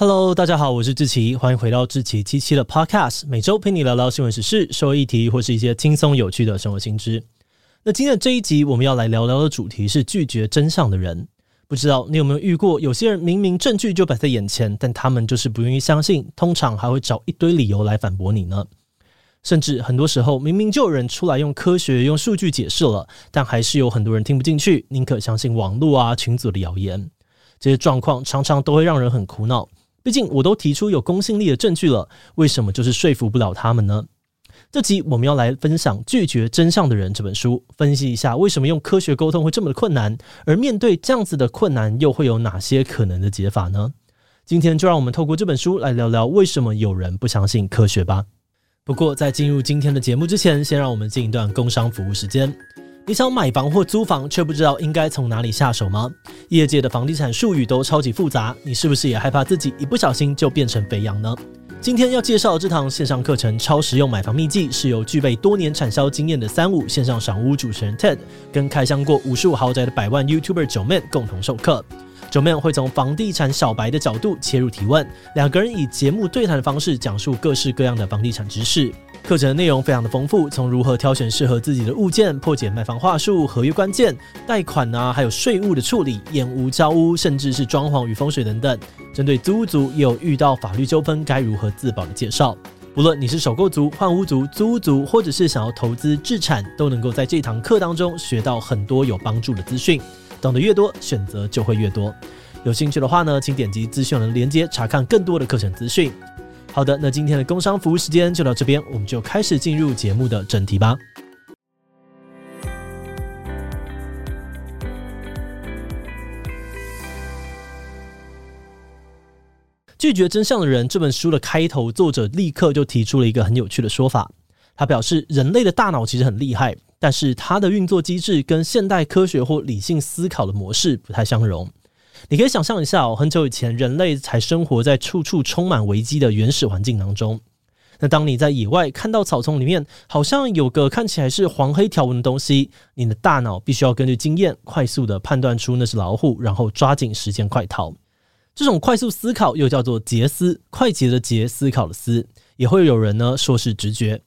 Hello，大家好，我是志祺，歡迎回到志祺七七的 Podcast，每周陪你聊聊新聞時事、社會議題或是一些輕鬆有趣的生活新知。那今天的這一集，我們要來聊聊的主題是拒絕真相的人。不知道你有沒有遇過，有些人明明證據就擺在眼前，但他們就是不願意相信，通常還會找一堆理由來反駁你呢。甚至很多時候，明明就有人出來用科學、用數據解釋了，但還是有很多人聽不進去，寧可相信網絡啊、群組的謠言。這些狀況常常都會讓人很苦惱。畢竟我都提出有公信力的證據了，為什麼就是說服不了他們呢？這集我們要來分享《拒絕真相的人》這本書，分析一下為什麼用科學溝通會這麼的困難，而面對這樣子的困難又會有哪些可能的解法呢？今天就讓我們透過這本書來聊聊為什麼有人不相信科學吧。不過在進入今天的節目之前，先讓我們進一段工商服務時間。你想買房或租房，卻不知道應該從哪裡下手嗎？業界的房地產術語都超級複雜，你是不是也害怕自己一不小心就變成肥羊呢？今天要介紹這堂線上課程《超實用買房秘技》，是由具備多年產銷經驗的三五線上賞屋主持人 Ted 跟開箱過無數豪宅的百萬 YouTuber Joeman 共同授課。Joeman 會從房地產小白的角度切入提問，兩個人以節目對談的方式講述各式各樣的房地產知識。課程內容非常的豐富，從如何挑選適合自己的物件，破解賣房話術、合約關鍵、貸款啊，還有稅務的處理、驗屋、交屋，甚至是裝潢與風水等等。針對租屋族也有遇到法律糾紛該如何自保的介紹。不論你是首購族、換屋族、租屋族，或者是想要投資置產，都能夠在這堂課當中學到很多有幫助的資訊。懂得越多，選擇就會越多。有興趣的話呢，請點擊資訊欄連結查看更多的課程資訊。好的，那今天的工商服務時間就到這邊，我們就開始進入節目的正題吧。拒絕真相的人這本書的開頭，作者立刻就提出了一個很有趣的說法，他表示，人類的大腦其實很厲害，但是它的運作機制跟現代科學或理性思考的模式不太相容。你可以想象一下，很久以前人類才生活在處處充滿危機的原始環境當中。那當你在野外看到草叢裡面好像有個看起來是黃黑條紋的東西，你的大腦必須要根據經驗快速地判斷出那是老虎，然後抓緊時間快逃。這種快速思考又叫做“捷思”，快捷的捷，思考的思。也會有人呢說是直覺。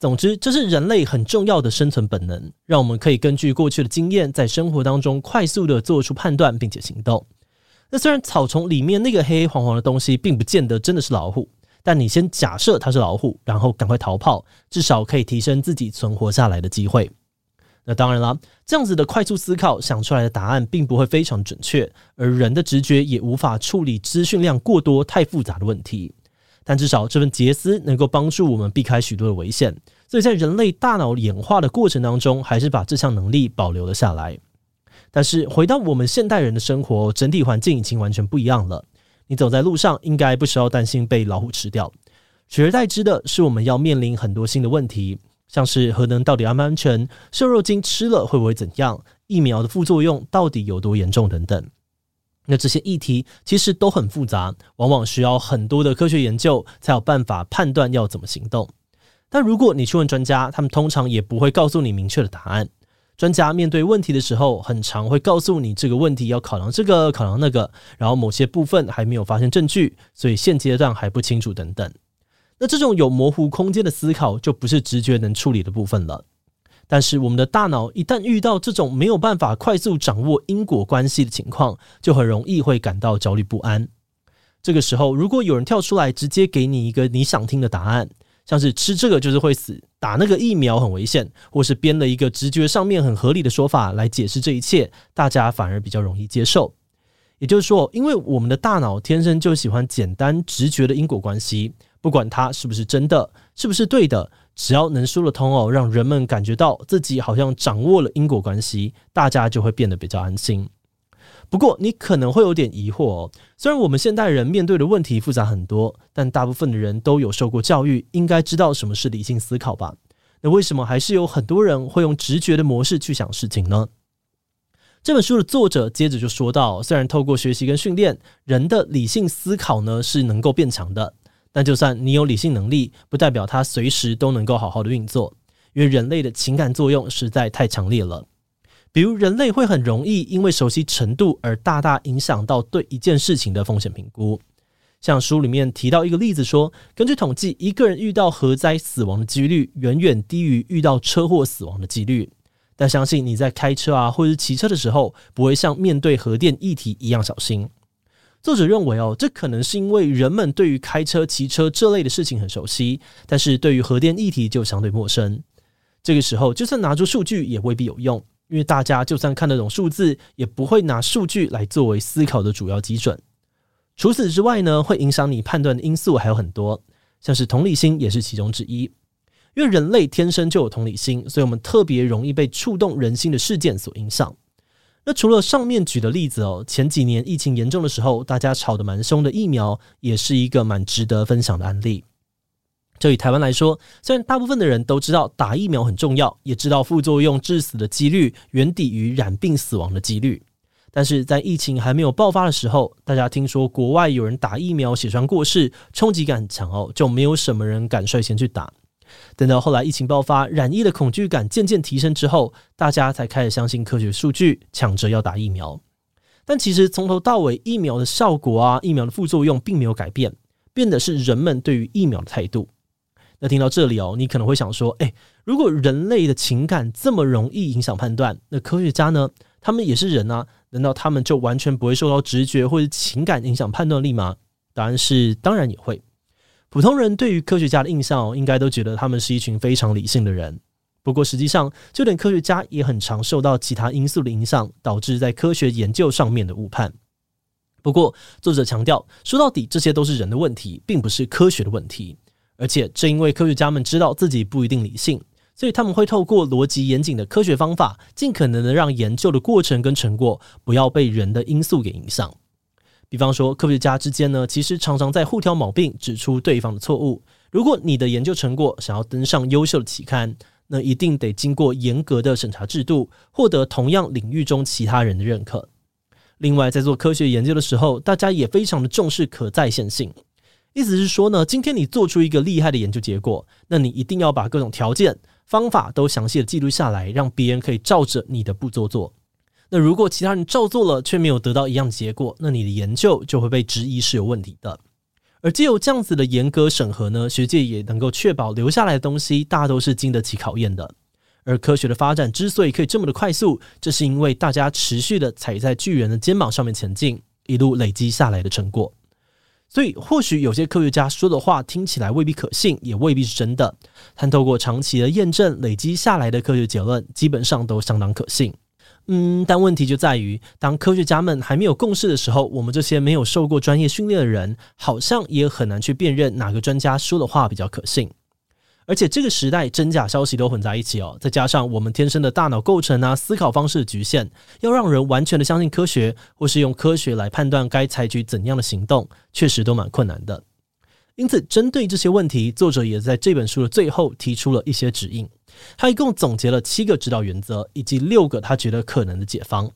總之，這是人類很重要的生存本能，讓我們可以根據過去的經驗，在生活當中快速地做出判斷，並且行動。那雖然草叢裡面那個黑黑黃黃的東西並不見得真的是老虎，但你先假設它是老虎，然後趕快逃跑，至少可以提升自己存活下來的機會。那當然啦，這樣子的快速思考想出來的答案，並不會非常準確，而人的直覺也無法處理資訊量過多、太複雜的問題。但至少這份傑斯能夠幫助我們避開許多的危險，所以在人類大腦演化的過程當中，還是把這項能力保留了下來。但是回到我們現代人的生活，整體環境已經完全不一樣了。你走在路上，應該不需要擔心被老虎吃掉，取而代之的是，我們要面臨很多新的問題，像是核能到底安不安全、瘦肉精吃了會不會怎樣、疫苗的副作用到底有多嚴重等等。那這些議題其實都很複雜，往往需要很多的科學研究才有辦法判斷要怎麼行動。但如果你去問專家，他們通常也不會告訴你明確的答案。專家面對問題的時候，很常會告訴你這個問題要考量這個，考量那個，然後某些部分還沒有發現證據，所以現階段還不清楚等等。那這種有模糊空間的思考，就不是直覺能處理的部分了。但是我們的大腦一旦遇到這種沒有辦法快速掌握因果關係的情況，就很容易會感到焦慮不安。這個時候，如果有人跳出來直接給你一個你想聽的答案，像是吃這個就是會死，打那個疫苗很危險，或是編了一個直覺上面很合理的說法來解釋這一切，大家反而比較容易接受。也就是說，因為我們的大腦天生就喜歡簡單直覺的因果關係，不管它是不是真的，是不是對的，只要能說得通哦，讓人們感覺到自己好像掌握了因果關係，大家就會變得比較安心。不過，你可能會有點疑惑哦，雖然我們現代人面對的問題複雜很多，但大部分的人都有受過教育，應該知道什麼是理性思考吧？那為什麼還是有很多人會用直覺的模式去想事情呢？這本書的作者接着就說到，雖然透過學習跟訓練，人的理性思考呢是能夠變強的，但就算你有理性能力，不代表他隨時都能夠好好的運作，因為人類的情感作用實在太強烈了。比如人類會很容易因為熟悉程度而大大影響到對一件事情的風險評估。像書裡面提到一個例子說，根據統計，一個人遇到核災死亡的幾率遠遠低於遇到車禍死亡的幾率。但相信你在開車啊，或者是騎車的時候，不會像面對核電議題一樣小心。作者認為哦，這可能是因為人們對於開車、騎車這類的事情很熟悉，但是對於核電議題就相對陌生。這個時候，就算拿出數據也未必有用，因為大家就算看得懂數字，也不會拿數據來作為思考的主要基準。除此之外呢，會影響你判斷的因素還有很多，像是同理心也是其中之一。因為人類天生就有同理心，所以我們特別容易被觸動人心的事件所影響。那除了上面舉的例子哦，前幾年疫情嚴重的時候，大家吵得蠻凶的疫苗，也是一個蠻值得分享的案例。就以台灣來說，雖然大部分的人都知道打疫苗很重要，也知道副作用致死的幾率遠低於染病死亡的幾率，但是在疫情還沒有爆發的時候，大家聽說國外有人打疫苗血栓過世，衝擊感很強哦，就沒有什麼人敢率先去打。等到後來疫情爆發，染疫的恐懼感漸漸提升之後，大家才開始相信科學數據，搶着要打疫苗。但其實從頭到尾，疫苗的效果啊，疫苗的副作用並沒有改變，變的是人們對於疫苗的態度。那聽到這裡哦，你可能會想說：哎、欸，如果人類的情感這麼容易影響判斷，那科學家呢？他們也是人啊，難道他們就完全不會受到直覺或者情感影響判斷力嗎？答案是：當然也會。普通人對於科學家的印象，應該都覺得他們是一群非常理性的人。不過，實際上就連科學家也很常受到其他因素的影響，導致在科學研究上面的誤判。不過，作者強調，說到底這些都是人的問題，並不是科學的問題。而且，正因為科學家們知道自己不一定理性，所以他們會透過邏輯嚴謹的科學方法，盡可能的讓研究的過程跟成果不要被人的因素給影響。比方說，科學家之間呢，其實常常在互挑毛病，指出對方的錯誤。如果你的研究成果想要登上優秀的期刊，那一定得經過嚴格的審查制度，獲得同樣領域中其他人的認可。另外，在做科學研究的時候，大家也非常的重視可再現性。意思是說呢，今天你做出一個厲害的研究結果，那你一定要把各種條件、方法都詳細的記錄下來，讓別人可以照着你的步驟做作。那如果其他人照做了卻沒有得到一樣結果，那你的研究就會被質疑是有問題的。而藉由這樣子的嚴格審核呢，學界也能夠確保留下來的東西大都是經得起考驗的。而科學的發展之所以可以這麼的快速，這是因為大家持續的踩在巨人的肩膀上面前進，一路累積下來的成果。所以或許有些科學家說的話聽起來未必可信，也未必是真的，但透過長期的驗證累積下來的科學結論，基本上都相當可信。嗯，但問題就在於，當科學家們還沒有共識的時候，我們這些沒有受過專業訓練的人，好像也很難去辨認哪個專家說的話比較可信。而且這個時代真假消息都混在一起哦，再加上我們天生的大腦構成啊、思考方式的侷限，要讓人完全的相信科學，或是用科學來判斷該採取怎樣的行動，確實都蠻困難的。因此，針對這些問題，作者也在這本書的最後提出了一些指引。他一共總結了七個指導原則，以及六個他覺得可能的解方。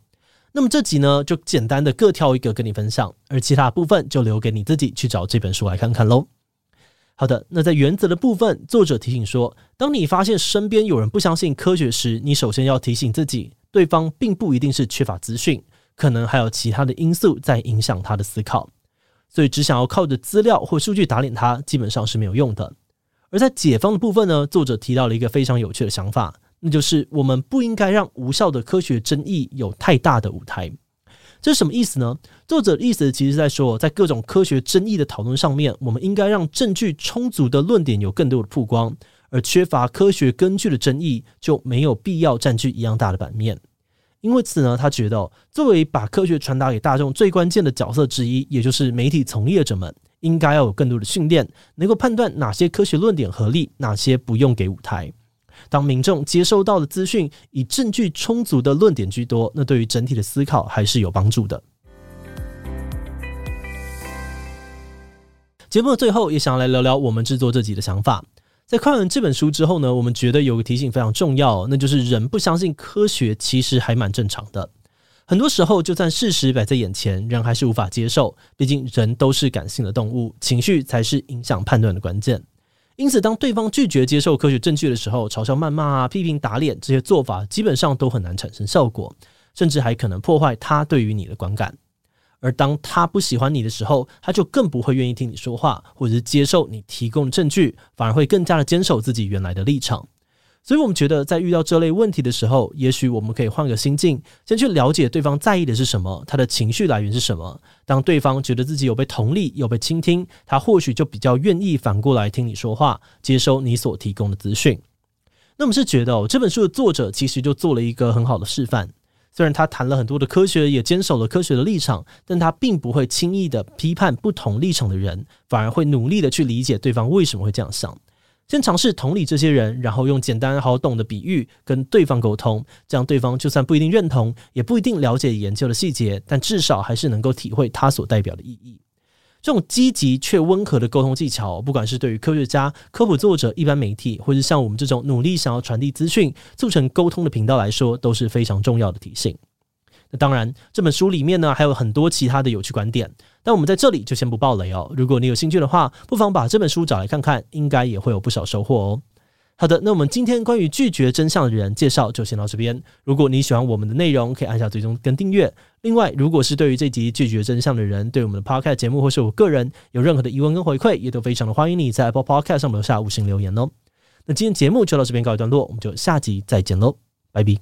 那麼這集呢，就簡單的各挑一個跟你分享，而其他部分就留給你自己去找這本書來看看嘍。好的，那在原則的部分，作者提醒說，當你發現身邊有人不相信科學時，你首先要提醒自己，對方並不一定是缺乏資訊，可能還有其他的因素在影響他的思考。所以，只想要靠着資料或數據打臉他，基本上是沒有用的。而在解方的部分呢，作者提到了一個非常有趣的想法，那就是我們不應該讓無效的科學爭議有太大的舞台。這是什麼意思呢？作者的意思其實在說，在各種科學爭議的討論上面，我們應該讓證據充足的論點有更多的曝光，而缺乏科學根據的爭議就沒有必要佔據一樣大的版面。因為此呢，他覺得作為把科學傳達給大眾最關鍵的角色之一，也就是媒體從業者們，應該要有更多的訓練，能夠判斷哪些科學論點合理，哪些不用給舞台。當民眾接收到的資訊以證據充足的論點居多，那對於整體的思考還是有幫助的。節目的最後也想來聊聊我們製作這集的想法。在看完這本書之後呢，我們覺得有個提醒非常重要，那就是人不相信科學其實還蠻正常的。很多時候，就算事實擺在眼前，人還是無法接受。畢竟人都是感性的動物，情緒才是影響判斷的關鍵。因此，當對方拒絕接受科學證據的時候，嘲笑、謾罵啊、批評、打臉這些做法，基本上都很難產生效果，甚至還可能破壞他對於你的觀感。而當他不喜歡你的時候，他就更不會願意聽你說話，或者是接受你提供的證據，反而會更加的堅守自己原來的立場。所以，我們覺得在遇到這類問題的時候，也許我們可以換個心境，先去了解對方在意的是什麼，他的情緒來源是什麼。當對方覺得自己有被同理，有被傾聽，他或許就比較願意反過來聽你說話，接收你所提供的資訊。那我們是覺得哦，這本書的作者其實就做了一個很好的示範。雖然他談了很多的科學，也堅守了科學的立場，但他並不會輕易的批判不同立場的人，反而會努力的去理解對方為什麼會這樣想。先嘗試同理這些人，然後用簡單好懂的比喻跟對方溝通，這樣對方就算不一定認同，也不一定了解研究的細節，但至少還是能夠體會他所代表的意義。這種積極卻溫和的溝通技巧，不管是對於科學家、科普作者、一般媒體，或是像我們這種努力想要傳遞資訊、促成溝通的頻道來說，都是非常重要的提醒。那當然，這本書裡面呢還有很多其他的有趣觀點，但我們在這裡就先不爆雷哦。如果你有興趣的話，不妨把這本書找來看看，應該也會有不少收穫哦。好的，那我們今天關於拒絕真相的人介紹就先到這邊。如果你喜歡我們的內容，可以按下追蹤跟訂閱。另外，如果是對於這集拒絕真相的人對我們的 Podcast 節目或是我個人有任何的疑問跟回饋，也都非常的歡迎你在 Apple Podcast 上留下五星留言哦。那今天節目就到這邊告一段落，我們就下集再見嘍，拜拜。